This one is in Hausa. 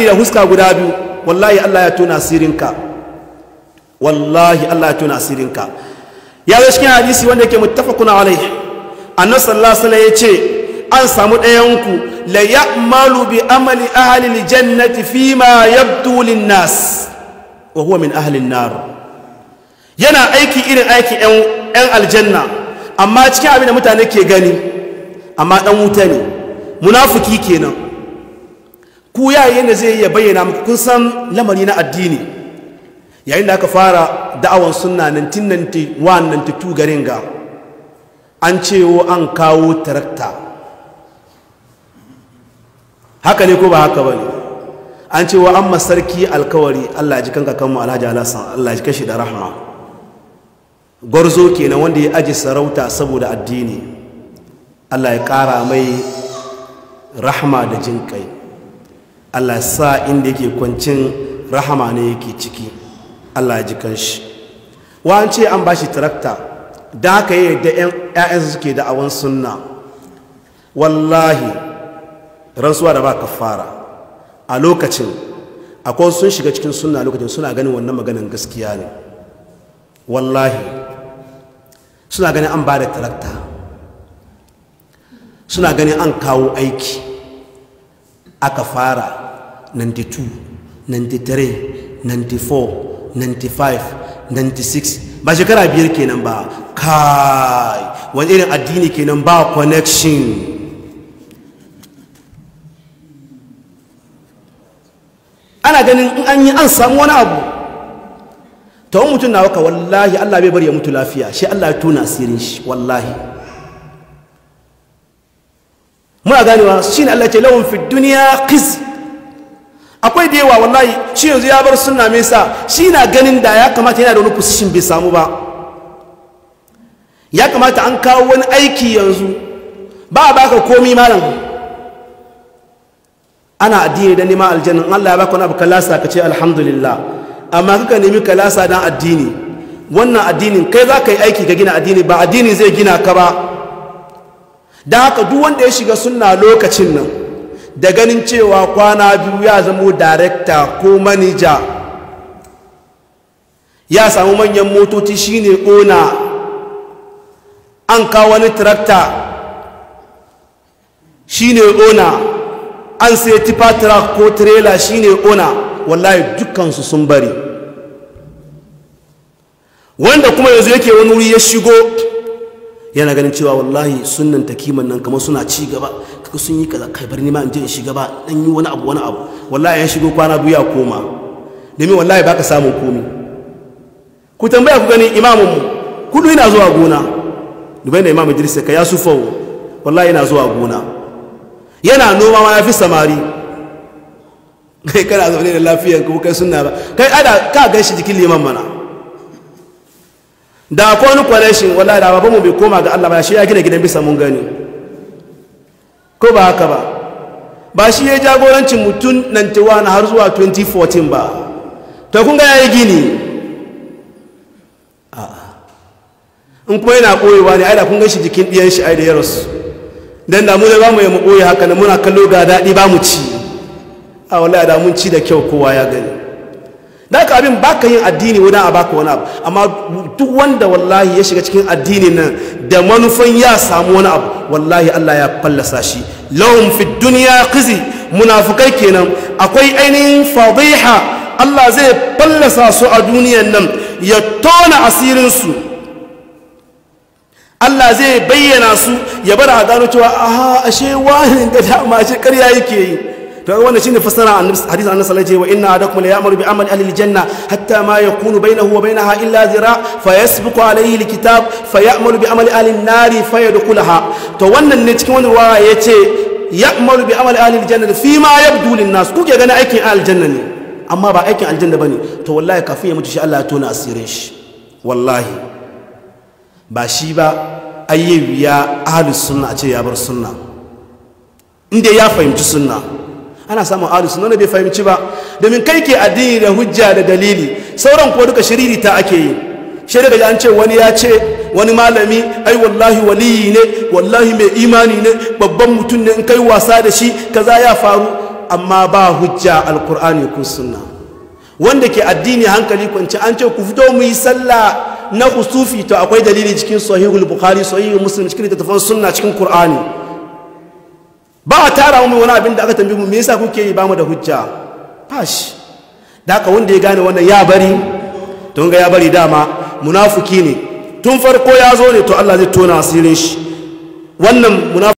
da huska guda biyu wallahi Allah ya tona sirinka wallahi Allah ya tona sirinka ya zai cikin hadisi wanda yake muttafaqun alai annabi sallallahu alaihi ya ce an samu ɗayanku la ya'malu bi amali ahli aljannati fi ma lin nas wa huwa min ahli an-nar yana aiki irin aiki ɗan aljanna amma cikin abin da mutane ke gani amma ɗan wuta ne munafuki kenan ku yayin da zai iya bayyana muku kun san lamari na addini yayin da aka fara da'awan sunna 1991 garin ga an cewo an kawo tarakta haka ne ko ba haka ba ne an cewa an masarki alkawari allah ji kanka kanmu alhaji alasan allah ji kashi da rahama gwarzo kenan wanda ya aji sarauta saboda addini allah ya kara mai rahama da jinkai Allah ya sa inda yake kwancin rahama ne yake ciki Allah ya ji kanshi wa an ce an bashi tarakta da haka yi da ƴaƴansu suke da awan sunna wallahi rantsuwa da ba ka fara. a lokacin akwai sun shiga cikin sunna lokacin suna ganin wannan maganin gaskiya ne wallahi suna ganin an ba da tarakta suna ganin an kawo aiki aka fara 92 93 94 95 96 ba shekara biyar kenan ba kai wani irin addini kenan ba connection ana ganin in an yi an samu wani abu ta wani mutum na waka wallahi allah bai bari ya mutu lafiya shi allah ya tuna asirin shi wallahi muna ganewa shine Allah ce lawan fid dunya khiz akwai da yawa wallahi shi yanzu ya bar sunna me sa? shi na ganin da ya kamata yana da wani position bai samu ba ya kamata an kawo wani aiki yanzu ba a baka komi malam ana addini da nema aljanna Allah ya baka wani abu kalasa ka ce alhamdulillah amma kuka nemi kalasa dan addini wannan addinin kai za ka yi aiki ka gina addini ba addini zai gina ka ba da haka duk wanda ya shiga suna lokacin nan da ganin cewa kwana biyu ya zama darekta ko manija ya samu manyan motoci shine ƙona an kawo wani tirakta shine ƙona an sai tipa tirak ko tirela shine ƙona wallahi dukansu sun bari wanda kuma yanzu yake wani wuri ya shigo yana ganin cewa wallahi sunnan ta kiman nan kamar suna ci gaba kaga sun yi kaza kai barni ni ma in je in shiga ba dan yi wani abu wani abu wallahi ya shigo kwana biyu ya koma domin wallahi baka samu komi ku tambaya ku gani imamun mu kudu ina zuwa gona dubai na imam idris ka ya sufawo wallahi ina zuwa gona yana noma ma yafi fi samari kai kana zaune da lafiyar ku kai sunna ba kai ada ka ga shi jikin liman mana da ko wani kwalashin wallahi da mu bai koma ga Allah ba shi ya gina gidan bisa mun gani ko ba haka ba ba shi ya jagorancin mutum na har zuwa 2014 ba to kun ga yayi gini in kuma yana koyewa ne ai da kun ga shi jikin diyan shi ai da ya rasu dan da mu da bamu mu koyi haka ne muna kallo ga daɗi bamu ci a wallahi da mun ci da kyau kowa ya gani da ka abin ba ka yin addini wani a baka wani abu amma duk wanda wallahi ya shiga cikin addini nan da manufan ya samu wani abu wallahi Allah ya fallasa shi lahum fi duniya kizi munafukai kenan akwai ainihin fadiha Allah zai fallasa su a duniyan nan ya tona asirin su Allah zai bayyana su ya bar a gano cewa aha ashe wani ga dama shi karya yake yi to shi shine fasara hadisi annabi sallallahu alaihi wa inna adakum la ya'muru bi amali ahli aljanna hatta ma yakunu bainahu wa bainaha illa zira fayasbiqu alaihi alkitab fayamalu bi amali ahli an-nari fayadkhulaha to wannan ne cikin wani ruwaya yace ya'malu bi amali ahli aljanna fi ma yabdu lin-nas kuke gani aikin aljanna ne amma ba aikin aljanna bane to wallahi kafin ya mutu shi Allah ya tona asirin shi wallahi ba shi ba ayyabiya ahlus sunna a ce ya bar sunna inda ya fahimci sunna ana samun alisu sunna bai fahimci ba domin kai ke addini da hujja da dalili sauran ko duka shiriri ta ake yi shi daga an ce wani ya ce wani malami ai wallahi waliyi ne wallahi mai imani ne babban mutum ne in kai wasa da shi kaza ya faru amma ba hujja alkur'ani ko sunna wanda ke addini hankali kwanci an ce ku fito mu yi sallah na kusufi to akwai dalili cikin sahihul bukhari sahihul muslim cikin littattafan sunna cikin qur'ani ba a tara mu wani abin da aka tambi mu me yasa kuke yi ba mu da hujja fash da haka wanda ya gane wannan ya bari don ga ya bari dama munafuki ne tun farko ya zo ne to Allah zai tona asirin shi wannan